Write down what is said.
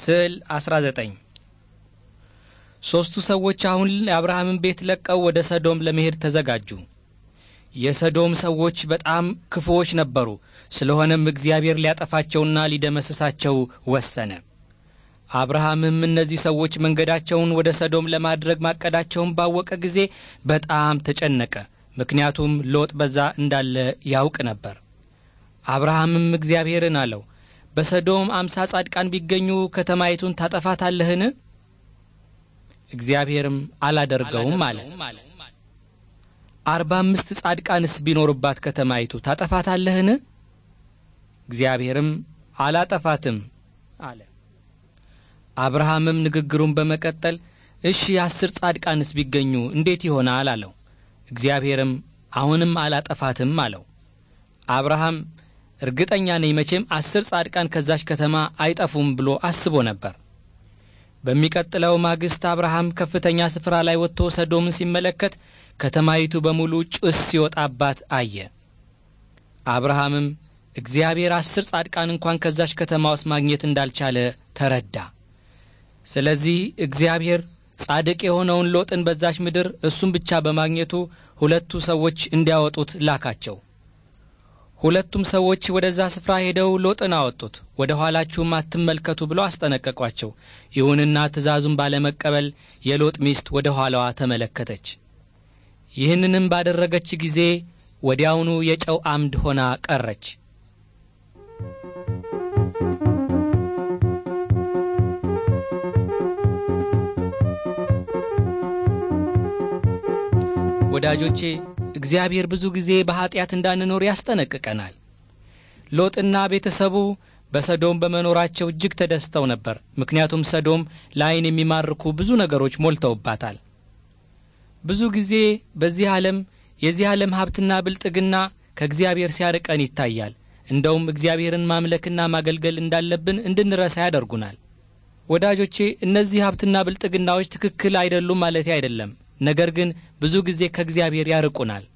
ስዕል 19 ሦስቱ ሰዎች አሁን የአብርሃምን ቤት ለቀው ወደ ሰዶም ለመሄድ ተዘጋጁ። የሰዶም ሰዎች በጣም ክፉዎች ነበሩ። ስለሆነም እግዚአብሔር ሊያጠፋቸውና ሊደመስሳቸው ወሰነ። አብርሃምም እነዚህ ሰዎች መንገዳቸውን ወደ ሰዶም ለማድረግ ማቀዳቸውን ባወቀ ጊዜ በጣም ተጨነቀ። ምክንያቱም ሎጥ በዛ እንዳለ ያውቅ ነበር። አብርሃምም እግዚአብሔርን አለው በሰዶም አምሳ ጻድቃን ቢገኙ ከተማይቱን ታጠፋታለህን? እግዚአብሔርም አላደርገውም አለ። አርባ አምስት ጻድቃንስ ቢኖሩባት ከተማይቱ ታጠፋታለህን? እግዚአብሔርም አላጠፋትም አለ። አብርሃምም ንግግሩን በመቀጠል እሺ አስር ጻድቃንስ ቢገኙ እንዴት ይሆናል? አለው። እግዚአብሔርም አሁንም አላጠፋትም አለው። አብርሃም እርግጠኛ ነኝ መቼም አስር ጻድቃን ከዛች ከተማ አይጠፉም ብሎ አስቦ ነበር። በሚቀጥለው ማግስት አብርሃም ከፍተኛ ስፍራ ላይ ወጥቶ ሰዶምን ሲመለከት ከተማይቱ በሙሉ ጭስ ሲወጣባት አየ። አብርሃምም እግዚአብሔር አስር ጻድቃን እንኳን ከዛች ከተማ ውስጥ ማግኘት እንዳልቻለ ተረዳ። ስለዚህ እግዚአብሔር ጻድቅ የሆነውን ሎጥን በዛች ምድር እሱን ብቻ በማግኘቱ ሁለቱ ሰዎች እንዲያወጡት ላካቸው። ሁለቱም ሰዎች ወደዛ ስፍራ ሄደው ሎጥን አወጡት። ወደ ኋላችሁም አትመልከቱ ብሎ አስጠነቀቋቸው። ይሁንና ትእዛዙን ባለመቀበል የሎጥ ሚስት ወደ ኋላዋ ተመለከተች። ይህንንም ባደረገች ጊዜ ወዲያውኑ የጨው አምድ ሆና ቀረች። ወዳጆቼ እግዚአብሔር ብዙ ጊዜ በኀጢአት እንዳንኖር ያስጠነቅቀናል። ሎጥና ቤተሰቡ በሰዶም በመኖራቸው እጅግ ተደስተው ነበር። ምክንያቱም ሰዶም ለዓይን የሚማርኩ ብዙ ነገሮች ሞልተውባታል። ብዙ ጊዜ በዚህ ዓለም የዚህ ዓለም ሀብትና ብልጥግና ከእግዚአብሔር ሲያርቀን ይታያል። እንደውም እግዚአብሔርን ማምለክና ማገልገል እንዳለብን እንድንረሳ ያደርጉናል። ወዳጆቼ እነዚህ ሀብትና ብልጥግናዎች ትክክል አይደሉም ማለት አይደለም። ነገር ግን ብዙ ጊዜ ከእግዚአብሔር ያርቁናል።